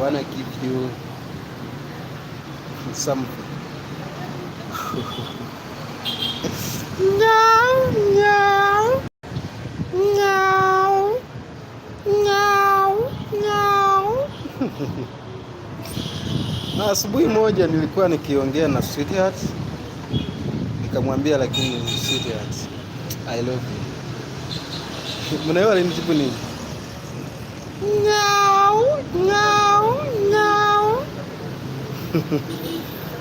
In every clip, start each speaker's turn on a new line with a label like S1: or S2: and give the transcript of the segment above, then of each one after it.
S1: want to give you something.
S2: no, no,
S1: Na asubuhi moja nilikuwa nikiongea na sweetheart nikamwambia, lakini sweetheart, I love you. Mnaelewa alinijibu nini?
S2: No.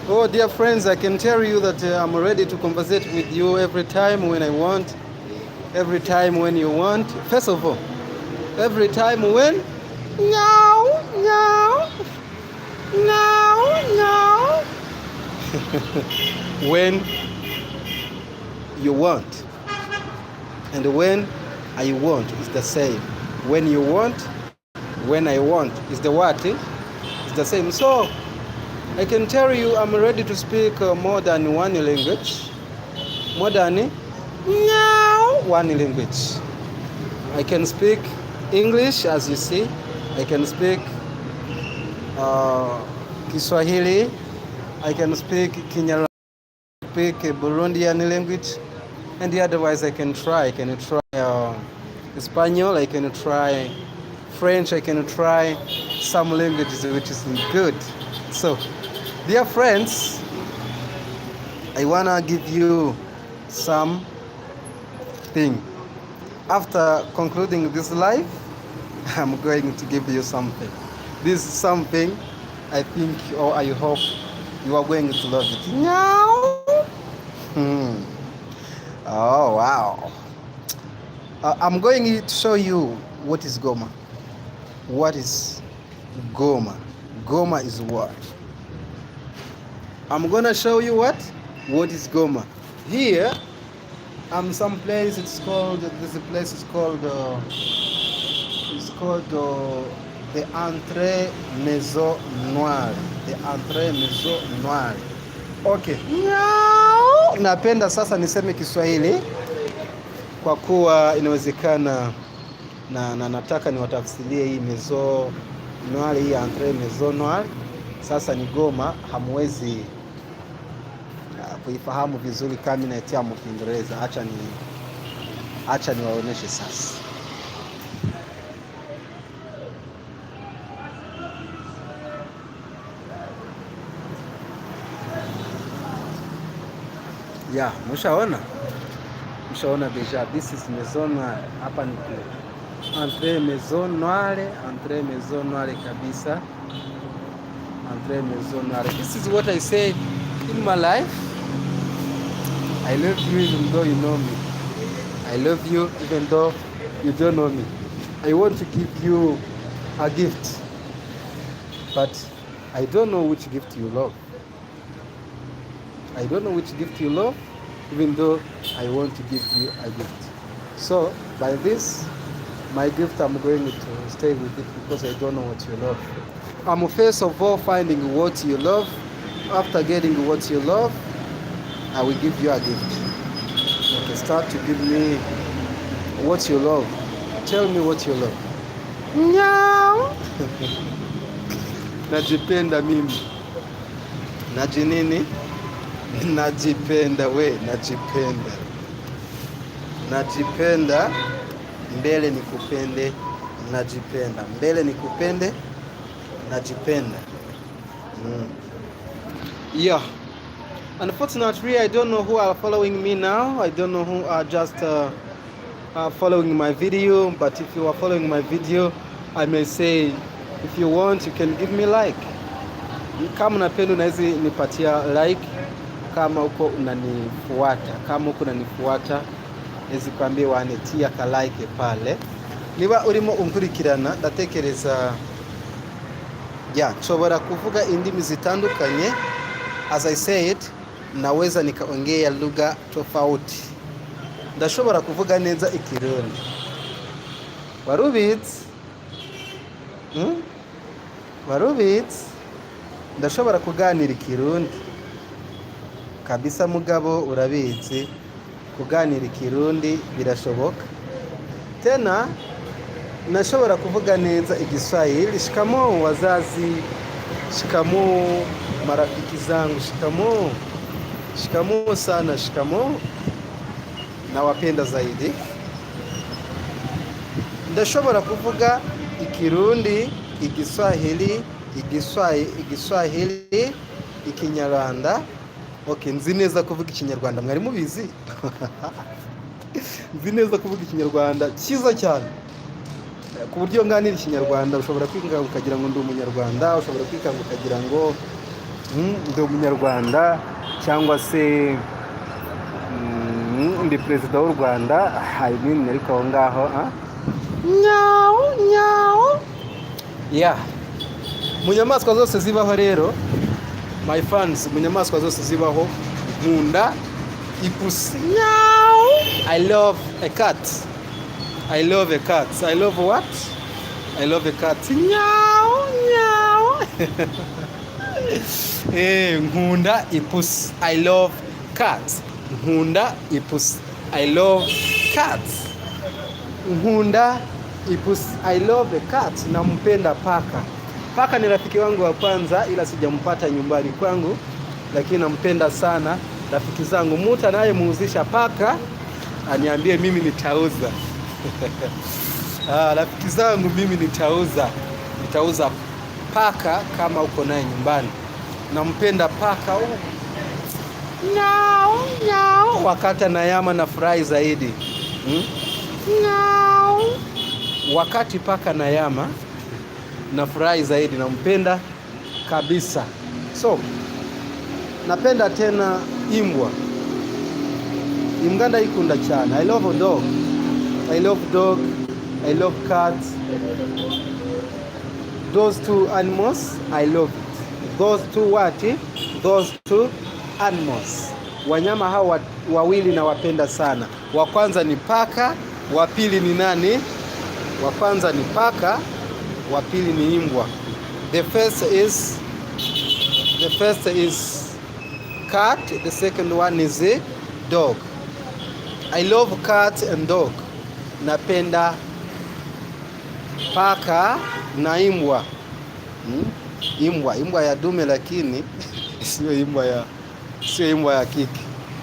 S1: oh, dear friends, I can tell you that uh, I'm ready to conversate with you every time when I want, every time when you want. First of all, every time when?
S2: No, no, no,
S1: no. when you want. And when I want is the same. When you want, when I want is the eh? It's the same. So I can tell you I'm ready to speak uh, more than one language, more than eh? now one language. I can speak English as you see. I can speak uh, Kiswahili. I can speak Kinyarwanda, speak Burundian language, and the otherwise I can try. I can try uh, Spanish. I can try. French, I can try some languages which is good. So, dear friends, I wanna give you some thing. After concluding this life, I'm going to give you something. This is something I think or I hope you are going to love it.
S2: Now, hmm.
S1: oh wow. Uh, I'm going to show you what is Goma. What is Goma? Goma is what? I'm gonna show you what? What is Goma? Here, um, some place it's called, this place is called, uh, it's called uh, the entre Maison noir The entre Maison noir Okay. Napenda sasa niseme Kiswahili kwa kuwa inawezekana na, na nataka niwatafsirie hii Maison Noire, hii entre Maison Noire sasa ni Goma, hamwezi ah, kuifahamu vizuri kama inaitia mu Kiingereza. Acha ni acha niwaoneshe sasa. Ya, mshaona mshaona deja, this is Maison Noire hapa ni entre maison noire, entre maison noire kabisa, entre maison noire. This is what I say in my life. I love you even though you know me. I love you even though you don't know me. I want to give you a gift, but I don't know which gift you love. I don't know which gift you love, even though I want to give you a gift. So, by this, My gift, I'm going to stay with it because I don't know what you love. I'm first of all finding what you love. After getting what you love, I will give you a gift. Okay, start to give me what you love. Tell me what you love.
S2: Nyau.
S1: Najipenda mimi. Naji Najipenda we, najipenda. Najipenda mbele ni kupende najipenda, mbele ni kupende najipenda. Mm. Yeah. Unfortunately, I don't know who are following me now. I don't know who are just uh, are following my video, but if you are following my video, I may say if you want you can give me like. Kama unapenda unaweza nipatia like kama uko unanifuata, kama uko unanifuata ntizikwambiye wanetiye akarayike pale niba urimo unkurikirana ndatekereza ya nshobora kuvuga indimi zitandukanye as I said naweza nikaongea lugha tofauti ndashobora kuvuga neza ikirundi warubitse hmm? warubitse ndashobora kuganira ikirundi kabisa mugabo urabizi kuganira ikirundi birashoboka tena nashobora kuvuga neza igiswahili shikamoo wazazi shikamoo marafiki zangu shikamoo shikamoo sana shikamoo nawapenda zaidi ndashobora kuvuga ikirundi igiswahili igiswahili ikinyarwanda oke nzi neza kuvuga ikinyarwanda mwari mubizi nzi neza kuvuga ikinyarwanda cyiza cyane ku buryo nganira ikinyarwanda ushobora kwikanga ukagira ngo ndi umunyarwanda ushobora kwikanga ukagira ngo hmm, ndi umunyarwanda cyangwa se hmm, hmm, ndi perezida w'u rwanda hari n'ibintu ariko aho ngaho
S2: nyawu nyawu
S1: ya mu nyamaswa zose zibaho rero my fans munyamaswa zose zibaho nkunda ipusi i love a cat i love a cat i love what i love a cat
S2: nyao nyao
S1: eh nkunda ipusi i love cats nkunda ipusi i love cats nkunda ipusi i love a cat nampenda paka Paka ni rafiki wangu wa kwanza, ila sijampata nyumbani kwangu, lakini nampenda sana. Rafiki zangu, mutu anayemuuzisha paka aniambie, mimi nitauza. Ah, rafiki zangu, mimi nitauza, nitauza paka kama uko naye nyumbani. Nampenda paka oh.
S2: Nyau, nyau.
S1: Wakati anayama na furahi zaidi hmm?
S2: Nyau.
S1: Wakati paka nayama nafurahi zaidi, nampenda kabisa. So napenda tena imbwa imganda ikunda chana. I love dog. I love dog. I love cats. Those two animals I love it. Those two what? those two animals, wanyama hawa wawili nawapenda sana. Wa kwanza ni paka, wa pili ni nani? Wa kwanza ni paka wa pili ni imbwa. The first is the first is cat, the second one is a dog. I love cat and dog. Napenda paka na imbwa. Hmm? Imbwa, imbwa ya dume lakini sio imbwa ya sio imbwa ya kike.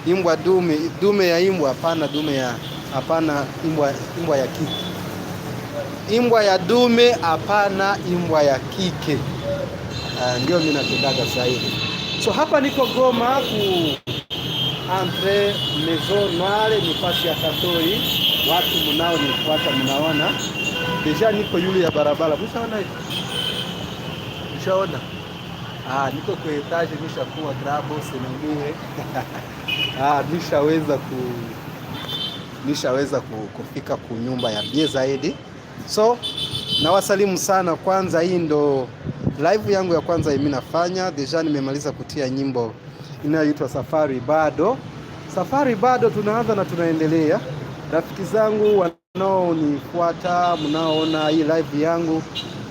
S1: Imbwa dume, dume ya imbwa hapana, dume ya hapana, imbwa imbwa ya kike imbwa ya dume, hapana imbwa ya kike. Uh, ndio mimi napendaga zaidi. So hapa niko Goma ku entre maison noire ni fasi ya Katoi. Watu mnao nifuata, mnaona deja niko yule ya barabara, mshaona hivi, mshaona ah, niko kwa etage nishakuwa grabo senengie ah, nishaweza ku nishaweza kufika kunyumba ya bie zaidi. So nawasalimu sana. Kwanza hii ndo live yangu ya kwanza mimi nafanya. Deja nimemaliza kutia nyimbo inayoitwa Safari Bado. Safari bado tunaanza na tunaendelea. Rafiki zangu wanaonifuata, mnaoona hii live yangu,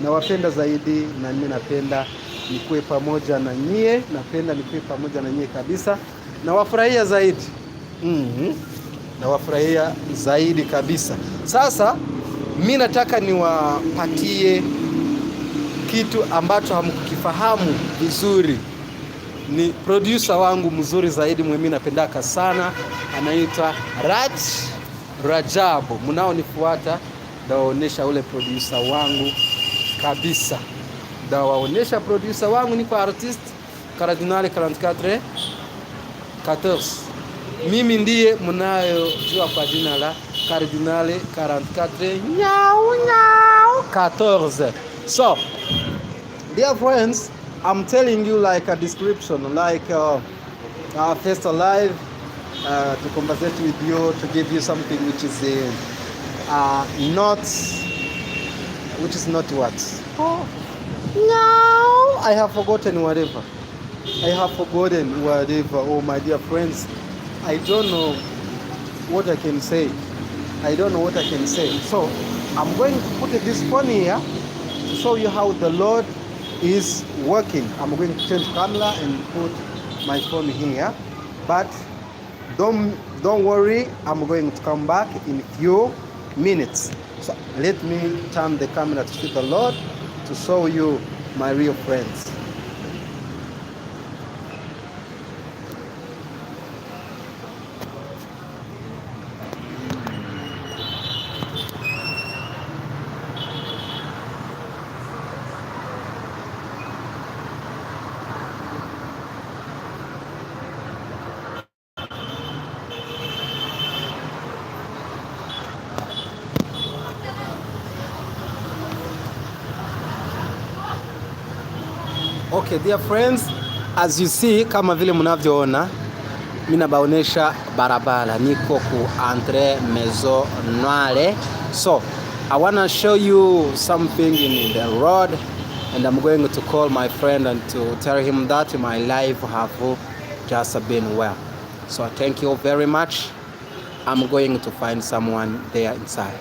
S1: nawapenda zaidi, na mimi napenda nikuwe pamoja na nyie, napenda nikuwe pamoja na nyie kabisa, nawafurahia zaidi mm -hmm. nawafurahia zaidi kabisa sasa mi nataka niwapatie kitu ambacho hamkukifahamu vizuri. Ni producer wangu mzuri zaidi mwe mi napendaka sana, anaitwa Raj Rajabu. Mnaonifuata ndawaonyesha ule producer wangu kabisa, ndawaonyesha producer wangu, niko artist Cardinal 44 14. Mimi ndiye mnayojua kwa jina la Cardinal 44,
S2: meow, meow,
S1: 14. So, dear friends, I'm telling you like a description, like uh, uh, first alive, uh, to conversate with you, to give you something which is uh, uh not, which is not what?
S2: Oh, no,
S1: I have forgotten whatever. I have forgotten whatever. Oh, my dear friends, I don't know what I can say. I don't know what I can say. So I'm going to put this phone here to show you how the Lord is working. I'm going to change camera and put my phone here. But don't don't worry, I'm going to come back in few minutes. So let me turn the camera to see the Lord to show you my real friends. Okay, dear friends, as you see kama vile mnavyoona mimi nabaonesha barabara niko ku entre Maison Noire. So, I wanna show you something in the road and I'm going to call my friend and to tell him that my life have just been well. So, thank you very much. I'm going to find someone there inside.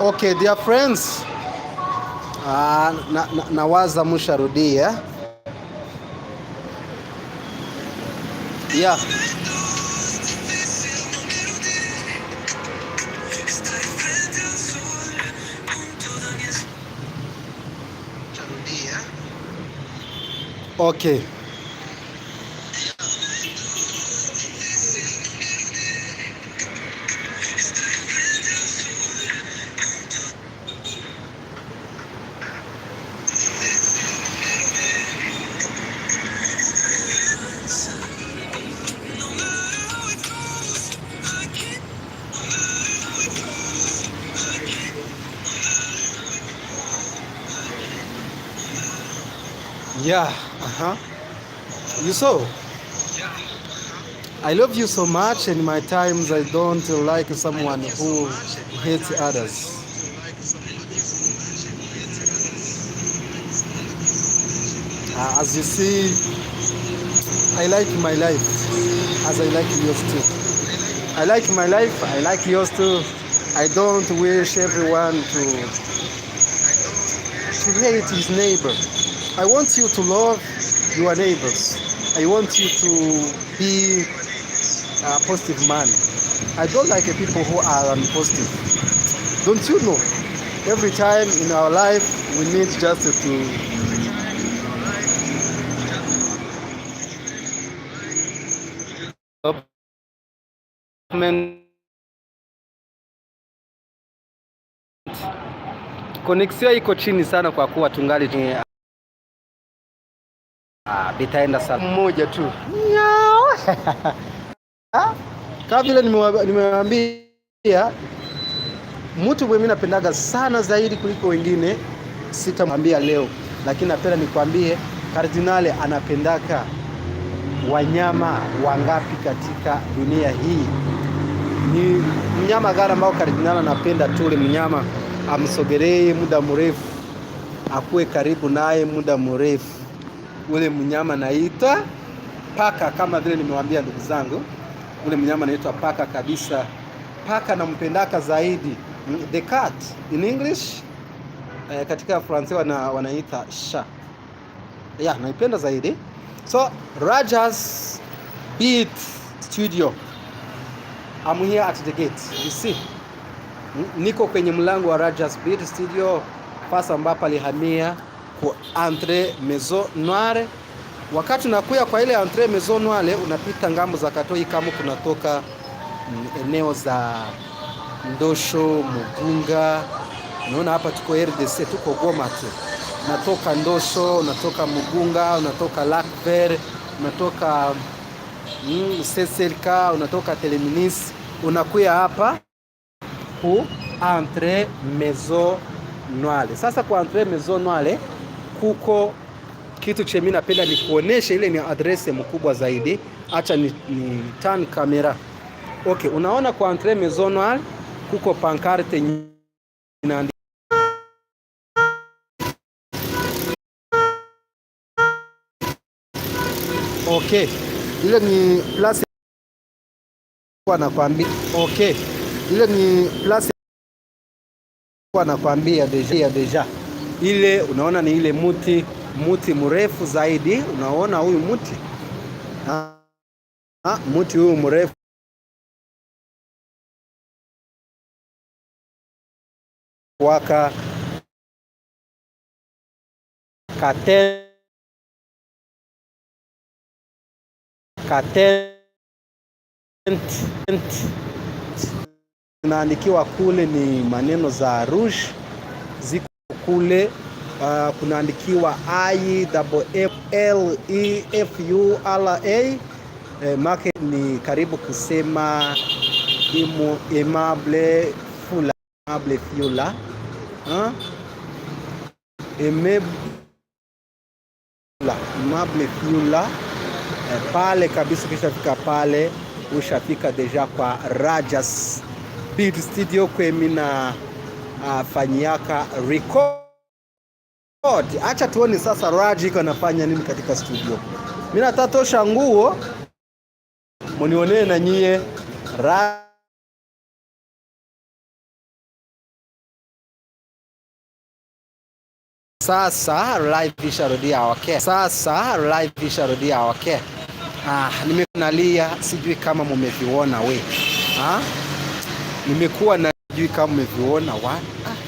S1: Okay, dear friends. Ah, na, na, nawaza musharudia yeah. Okay. Yeah, uh huh. You saw. I love you so much, and my times I don't like someone who hates others. Uh, as you see, I like my life as I like yours too. I like my life, I like yours too. I don't wish everyone to, to hate his neighbor. I want you to love your neighbors. I want you to be a positive man. I don't like people who are unpositive. Don't you know? Every time in our life, we need just to Koneksia iko chini sana kwa kuwa tungali Ah, bitaenda sana mmoja tu ah, kama vile nimewaambia, mtu mwenye napendaga sana zaidi kuliko wengine sitamwambia leo, lakini napenda nikwambie kardinale anapendaka wanyama wangapi katika dunia hii. Ni mnyama gani ambao kardinale anapenda? Tule mnyama amsogelee muda mrefu, akuwe karibu naye muda mrefu ule mnyama naitwa paka. Kama vile nimewaambia ndugu zangu, ule mnyama naitwa paka kabisa. Paka nampendaka zaidi, mm, the cat in English eh, katika Fransai wana, wanaita sha yeah, naipenda zaidi. So Rajas Beat Studio, I'm here at the gate. You see, mm, niko kwenye mlango wa Rajas Beat Studio, pasa ambapo alihamia ku Entre Maison Noire. Wakati unakuya kwa ile Entre Maison Noire, unapita ngambo za Katoi kama kunatoka eneo za Ndosho Mugunga. Unaona hapa tuko RDC, tuko Goma tu. Unatoka Ndosho, unatoka Mugunga, unatoka Lakver, unatoka mm, Seselka, unatoka Teleminis, unakuya hapa ku Entre Maison Noire. Sasa kwa Entre Maison Noire kuko kitu che mimi napenda nikuoneshe, ile ni adrese mkubwa zaidi. Acha ni, ni turn kamera. Okay, unaona kwa entre maison kuko pancarte inaandika Okay. Ile ni place nakwambia. Okay. Ile ni place nakwambia deja deja ile unaona ni ile muti muti mrefu zaidi. Unaona huyu muti ha, ha, muti huyu mrefu waka kate kate, naandikiwa kule ni maneno za rush kule uh, kunaandikiwa I F L E F U R A eh, make ni karibu kusema imu imable fula imable fula huh? aimable fula eh, pale kabisa. Ukishafika pale ushafika deja kwa Rajas Beat Studio kwemina uh, ah, fanyiaka record Acha tuone sasa Raji Rajik anafanya nini katika studio. Mimi natatosha nguo munionee na nyie Rajik sasa live isharudia wake. Sasa live isharudia wake. Ah, nimekunalia sijui kama mumeviona we. Ah, nimekuwa najui kama mumeviona wapi. Ah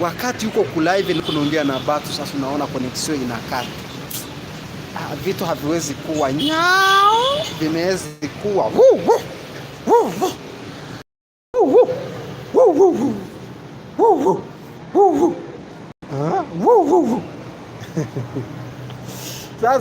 S1: wakati huko kulive nikunaongea na batu sasa, unaona koneksio inakata, ah, vitu haviwezi kuwa
S2: nyao,
S1: vimewezi kuwa Sasa